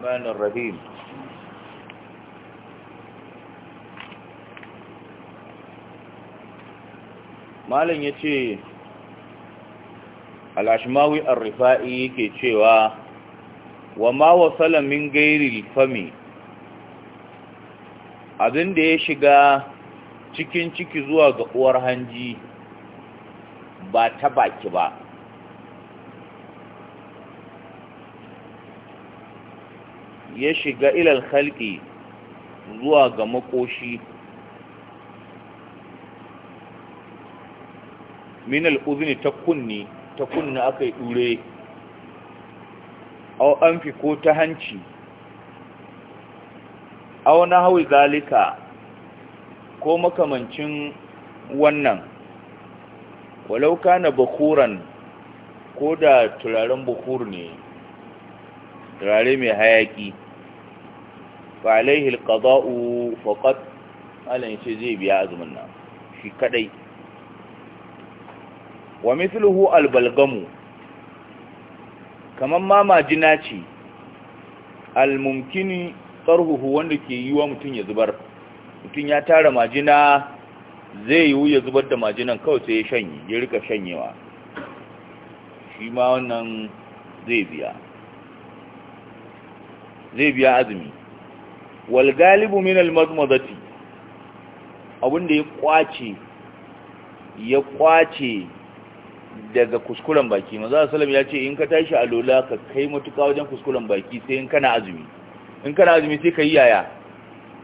الرحمن malam ya ce al'ashimawi al-rifa'i yake cewa Wamawa Salamin gairi fami abin da ya shiga cikin ciki zuwa ga uwar hanji ba ta baki ba ya shiga ilal halƙi zuwa ga makoshi min al'uzini ta kunni ta kunni aka yi ɗure au an fi ko ta hanci au na hawi zalika ko makamancin wannan walau na bakuran ko da turaren bukur ne turare mai hayaki fa alaihi alqada'u faqat alan yace zai biya azumin nan shi kadai wa mithluhu albalgamu Kamar ma majina ce almumkini tsarhuhu wanda ke yiwa wa mutum ya zubar mutum ya tara majina zai yiwu ya zubar da majinan kawai sai ya shanye ya shi ma wannan zai biya zai biya azumi wal galibu min al madmadati abinda ya kwace ya kwace daga kuskuren baki maza sallam ya ce in ka tashi a lola ka kai mutuka wajen kuskuren baki sai in kana azumi in kana azumi sai ka yi yaya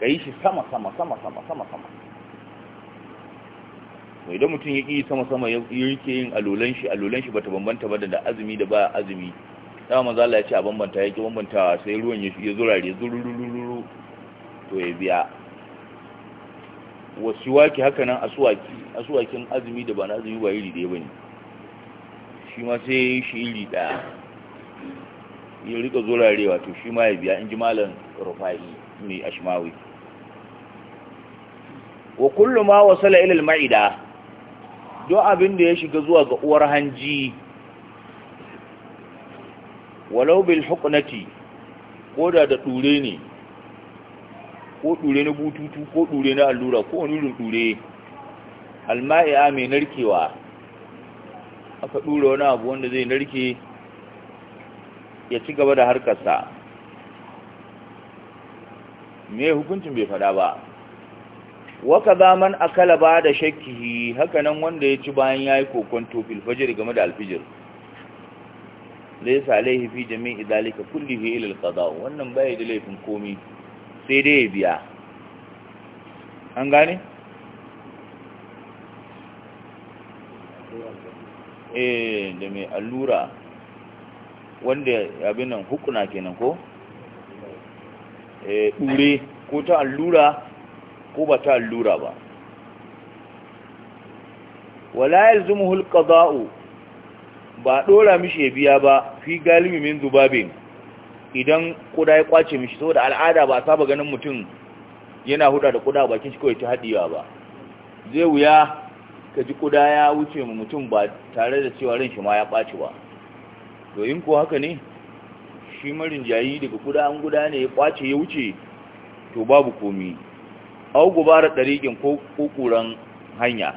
ka yi shi sama sama sama sama sama sama mai da mutum ya ƙi sama sama ya yake yin alolan shi alolan shi bata bambanta ba da azumi da ba azumi dama manzo Allah ya ce a bambanta ya ki bambantawa sai ruwan ya zurare zururururu to ya biya wasu waki haka nan asuwaki asuwakin azumi da ba na azumi ba iri ɗaya ba ne shi ma sai ya yi shi iri ɗaya ya rika zolarewa to shi ma ya biya in ji malam rufa'i mai ashimawi wa kullu ma wasala ilal maida do abin da ya shiga zuwa ga uwar hanji walau bil huqnati koda da dure ne ko ɗure na bututu ko ɗure na allura ko wani irin ɗure alma'i'a mai narkewa aka ɗure wani abu wanda zai narke ya ci gaba da harkarsa me hukuncin bai fada ba waka zaman akala ba da shakkihi hakanan wanda ya ci bayan ya yi kokonto filfajir game da alfijir laisa alaihi fi jami'i zalika kullihi ila alqada wannan bai da laifin komi sai dai ya biya an gani? eh da mai allura wanda abin nan hukuna kenan ko? eh ɗure ko ta allura ko ba ta allura ba wala zumuhul ƙaza'u ba ɗora mishi ya biya ba fi galibi min zubabin idan kuda ya kwace mishi saboda al'ada ba saba ganin mutum yana huda da kuda bakin shi kawai ta haɗiya ba zai wuya ka ji kuda ya wuce mu mutum ba tare da cewa ran shi ma ya ɓaci ba doyin ko haka ne shi marin jayi daga kuda an guda ne ya kwace ya wuce to babu komi au gubara ɗariƙin ko hanya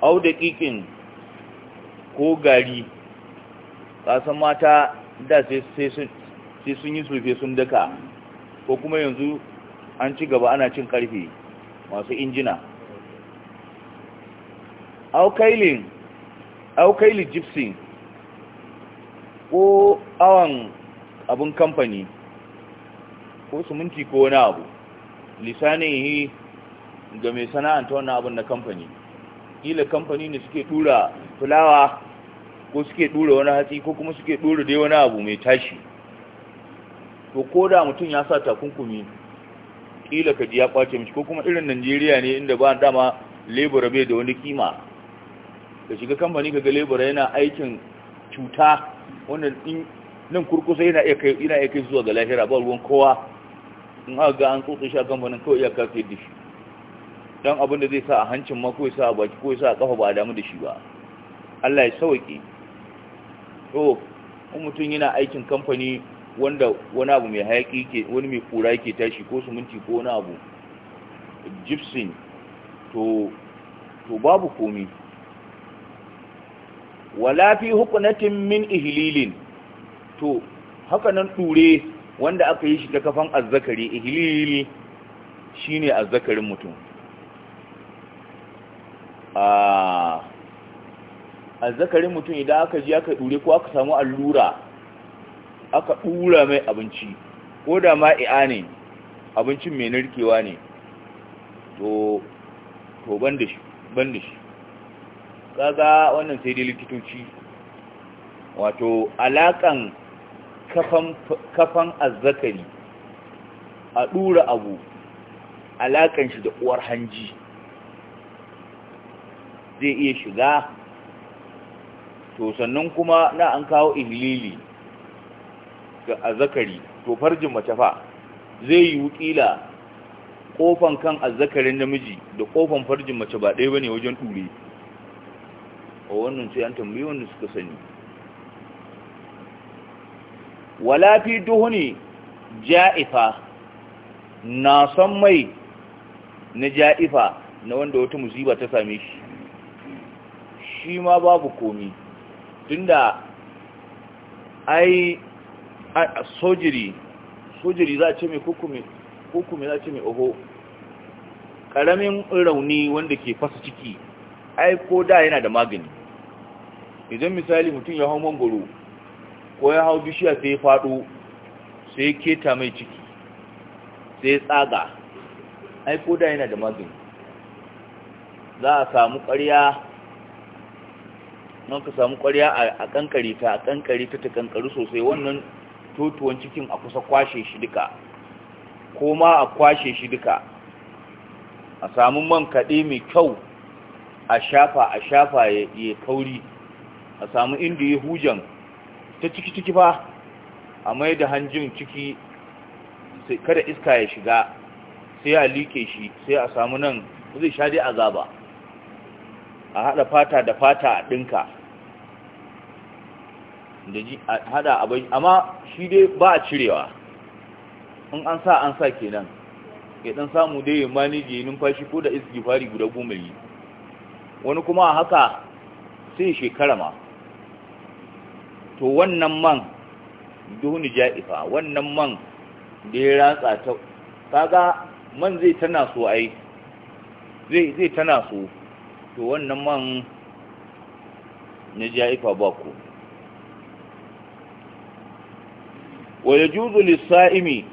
au daƙiƙin ko gari kasan mata da sai sun yi sulfe sun daka ko kuma yanzu an ci gaba ana cin karfe masu injina aukailin aukaili gypsy ko awon abin kamfani ko suminti ko wani abu lisanin yi ga mai sana'anta wannan abin na kamfani ila kamfani ne suke tura fulawa ko suke ɗura wani hatsi ko kuma suke ɗura dai wani abu mai tashi to ko da mutum ya sa takunkumi kila ka ji ya kwace mishi ko kuma irin Najeriya ne inda ba dama labor bai da wani kima ka shiga kamfani ka ga labor yana aikin cuta wanda nan kurkusa yana iya yana iya kai zuwa ga lahira ba ruwan kowa in aka ga an tsotsi shi a kamfanin kawai iya kafe da shi dan abin da zai sa a hancin ma ko sa a baki ko sa a kafa ba a damu da shi ba Allah ya sauke to in mutum yana aikin kamfani wanda wani abu mai hayaki ke wani mai kura yake tashi ko suminti ko wani abu gypsum to to babu komi wala fi hukunatin min ihlilin to haka nan dure wanda aka yi shi ta kafan azzakari ihlil shine azzakarin mutum ah azzakarin mutum idan aka ji aka dure ko aka samu allura aka dura mai abinci ko da ma iya ne abincin mai narkewa ne to to ban da shi ban da shi kaga wannan sai dai likitoci wato alakan kafan kafan azzakari a dura abu alakan shi da uwar hanji zai iya shiga to sannan kuma na an kawo ihlili ga azzakari to farjin mace fa zai yi wukila kofan kan azzakarin namiji da kofan farjin mace ba ɗaya bane wajen ɗure a wannan sai an tambayi wanda suka sani wala fi duhuni ja'ifa na san mai na ja'ifa na wanda wata musiba ta same shi shi ma babu komi tunda ai sojiri sojiri za a ce mai hukumi kukumi za a ce mai oho ƙaramin rauni wanda ke fasa ciki ai ko da yana da magani idan misali mutum ya hau mangoro ko ya hau bishiya sai ya faɗo sai ya keta mai ciki sai ya tsaga ai ko da yana da magani za a samu ƙarya nan ka samu ƙwarya a kankari ta a kankari ta ta kankari sosai wannan totuwan cikin a kusa kwashe shi duka ko ma a kwashe shi duka a samu man kaɗe mai kyau a shafa a shafa ya kauri a samu inda ya hujan ta ciki-ciki ba a mai da hanjin ciki kada iska ya shiga sai a liƙe shi sai a samu nan zai sha dai azaba a haɗa fata da fata a ɗinka da ji hada abin amma shi dai ba a cirewa in an sa an sa kenan ya dan samu dai ya manage numfashi ko da fari guda goma yi wani kuma haka sai shekara ma to wannan man duhuni ja'ifa wannan man da ya ratsa ta kaga man zai tana so ai zai zai tana so to wannan man na ja'ifa ba ko wa ya juzu lissa'imi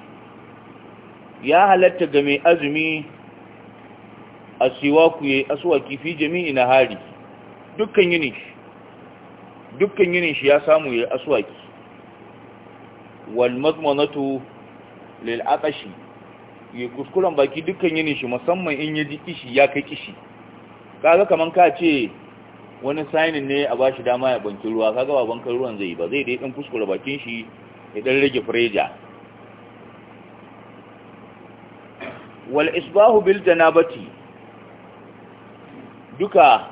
ya halatta ga mai azumi a siwa ya yi asuwaki fi jami'i na hari dukkan yinin shi dukkan yinin shi ya samu ya yi asuwaki walmazmanatu lil'aƙashi ya kuskuren baki dukkan yinin shi musamman in ya ji kishi ya kai kishi kaga kaman ka ce wani sainin ne a bashi dama ya banki ruwa kaga ba bankan ruwan zai ba zai dai ɗin kuskure bakin shi idan rage fureja wal isbahu bil janabati duka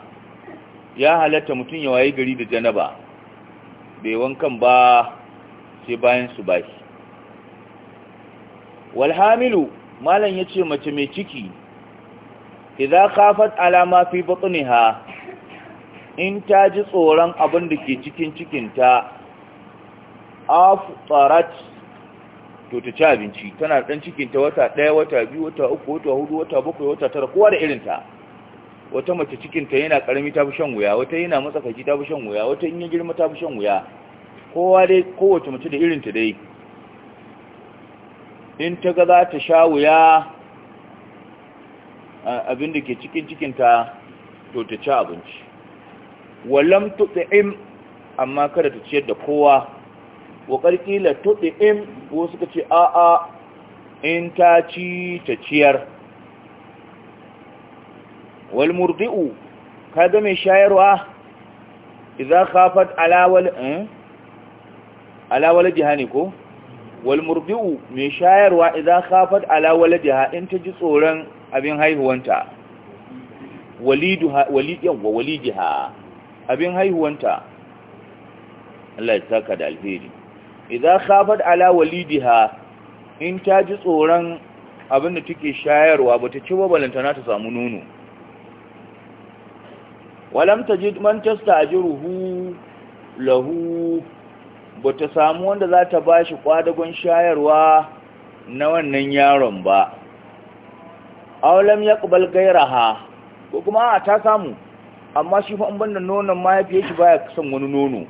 ya halatta mutum ya waye gari da janaba bai wankan ba sai bayan su bashi wal hamilu malan yace mace mai ciki idza khafat ala ma fi batniha in ta ji tsoron abin da ke cikin cikinta afarat to ta ci abinci tana dan cikin ta wata daya wata biyu wata uku wata hudu wata bakwai wata tara kowa da irin ta wata mace cikin ta yana karami ta fi shan wuya wata yana matsakaici ta fi shan wuya wata in ya girma ta fi shan wuya kowa dai kowace mace da irin ta dai in ta ga za ta sha wuya abin da ke cikin cikinta to ta ci abinci walam tu'im amma kada ta ciyar da kowa wa ƙila tuɗi in ko suka ce a'a in ta ci ta ciyar walmurdi'u kaga mai shayarwa idan khafat alawal eh? jiha jihani ko walmurdi'u mai shayarwa idan khafat alawal jiha in ta ji tsoron abin haihuwanta waliduha wa abin haihuwanta Allah ya saka da alheri idza khafat ala walidiha in ta ji tsoron abin da take shayarwa bata ci ba balantana ta samu nono walam tajid man tastajiruhu lahu bata samu wanda za ta bashi kwadagon shayarwa na wannan yaron ba aulam yaqbal gairaha ko kuma ta samu amma shi fa an banda nonon mahaifiyar shi baya son wani nono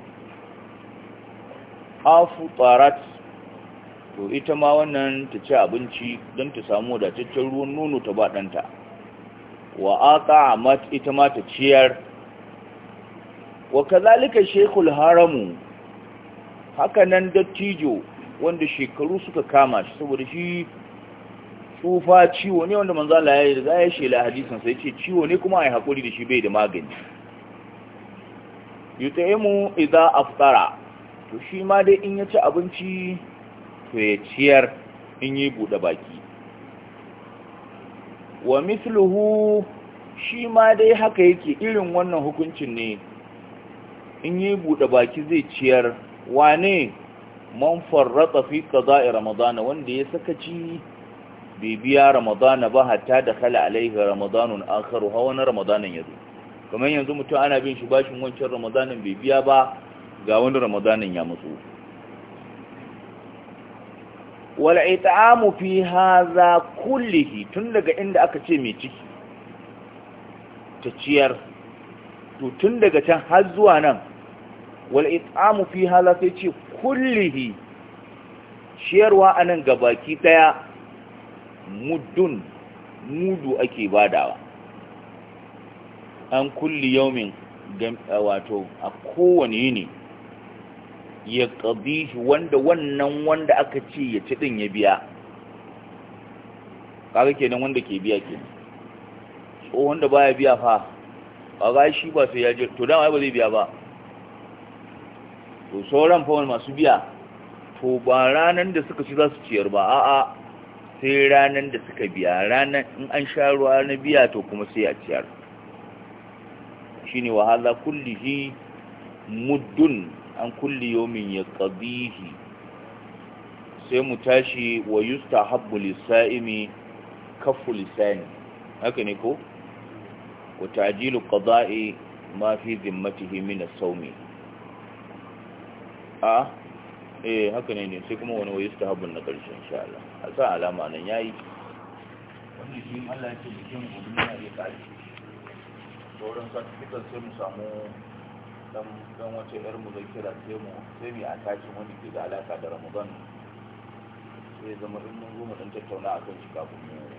afutarat to ita ma wannan ta ci abinci don ta samu wadataccen ruwan nono ta ba ɗanta wa amat ita ma ta ciyar wa kazalika shekul haramu hakanan dattijo wanda shekaru suka kama shi saboda shi tsufa ciwo ne wanda manzo Allah ya riga ya shela hadisin sai ce ciwo ne kuma ai hakuri da shi bai da magani yutaimu idza aftara to shi ma dai in ya ci abinci to ya ciyar in yi buɗe baki wa misluhu shi ma dai haka yake irin wannan hukuncin ne in yi buɗe baki zai ciyar wane man farrata fi qada'i ramadana wanda ya saka ci biya ramadana ba hatta da khala alaihi ramadanun akharu hawa na ramadanan yazo kamar yanzu mutum ana bin shi bashin wancan ramadanan bai biya ba ga wani ramadanin ya mutu wal it'amu fi hadha kullihi tun daga inda aka ce mai ciki ta ciyar to tun daga can har zuwa nan wal it'amu fi hadha sai ce kullihi ciyarwa anan gabaki daya muddun mudu ake badawa an kulli yawmin wato a kowane yini ya qadihi wanda wannan wanda aka ce ya ci din ya biya kaga kenan wanda ke biya ke. tsohon da baya biya fa kaga shi ba sai ya je to dama ba zai biya ba to sauran fa masu biya to ba ranan da suka ci za su ciyar ba a'a sai ranan da suka biya ranan in an sha ruwa na biya to kuma sai a ciyar shine wahala kullihi muddun an kulli yomin ya ƙabihi sai mu tashi wa yusta habbu lissa'imi kafu lissani haka ne ko wa ta'jilu qada'i ma fi zimmatihi min as-sawmi a eh haka ne ne sai kuma wani wa yusta habbu na ƙarshen sha'ala a sa alama nan ya yi. wani shi Allah ya ce jikin gobe na ya ƙari sauran sai mu samu dan wace yar kira sai mu sai mu tashi wani ke da alaka da ramadan sai zama in mun zo mu dan tattauna akan shi kafin mu